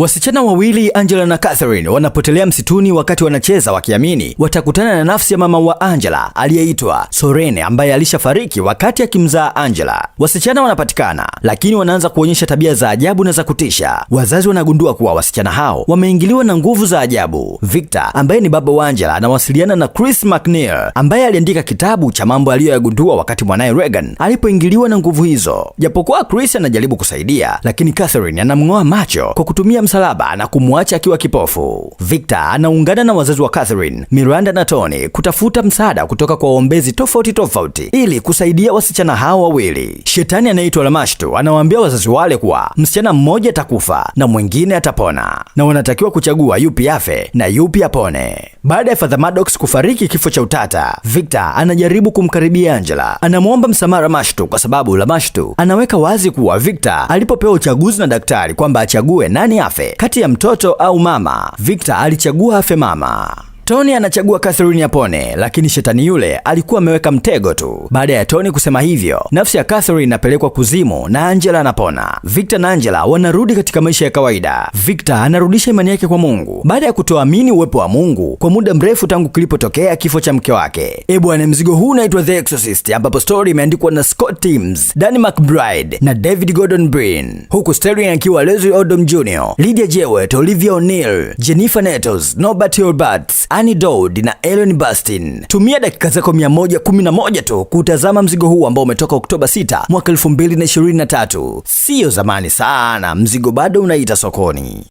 Wasichana wawili Angela na Catherine wanapotelea msituni wakati wanacheza wakiamini watakutana na nafsi ya mama wa Angela aliyeitwa Sorene ambaye alishafariki wakati akimzaa Angela. Wasichana wanapatikana lakini wanaanza kuonyesha tabia za ajabu na za kutisha. Wazazi wanagundua kuwa wasichana hao wameingiliwa na nguvu za ajabu. Victor ambaye ni baba wa Angela anawasiliana na Chris McNeil ambaye aliandika kitabu cha mambo aliyoyagundua wakati mwanaye Regan alipoingiliwa na nguvu hizo. Japokuwa Chris anajaribu kusaidia, lakini Catherine anamng'oa macho kwa kutumia msalaba na kumwacha akiwa kipofu. Victor anaungana na wazazi wa Catherine, Miranda na Tony kutafuta msaada kutoka kwa waombezi tofauti tofauti ili kusaidia wasichana hao wawili. Shetani anaitwa Lamashtu anawaambia wazazi wale kuwa msichana mmoja atakufa na mwingine atapona na wanatakiwa kuchagua yupi afe na yupi apone. Baada ya Father Maddox kufariki kifo cha utata, Victor anajaribu kumkaribia Angela, anamwomba msamaha Lamashtu kwa sababu Lamashtu anaweka wazi kuwa Victor alipopewa uchaguzi na daktari kwamba achague nani afe Afe kati ya mtoto au mama. Victor alichagua Afe mama. Tony anachagua Catherine apone, lakini shetani yule alikuwa ameweka mtego tu. Baada ya Tony kusema hivyo, nafsi ya Catherine inapelekwa kuzimu na Angela anapona. Victor na Angela wanarudi katika maisha ya kawaida. Victor anarudisha imani yake kwa Mungu baada ya kutoamini uwepo wa Mungu kwa muda mrefu tangu kilipotokea kifo cha mke wake. Ebu bwana, mzigo huu unaitwa The Exorcist, ambapo story imeandikwa na Scott Teams, Danny McBride na David Gordon Breen, huku Sterling akiwa Leslie Odom Jr, Lydia Jewett, Olivia O'Neill, Jennifer Nettles, Norbert Olbert, ani Daud na Ellen bastin Tumia dakika zako 111 tu kutazama mzigo huu ambao umetoka Oktoba 6 mwaka 2023. Siyo zamani sana, mzigo bado unaita sokoni.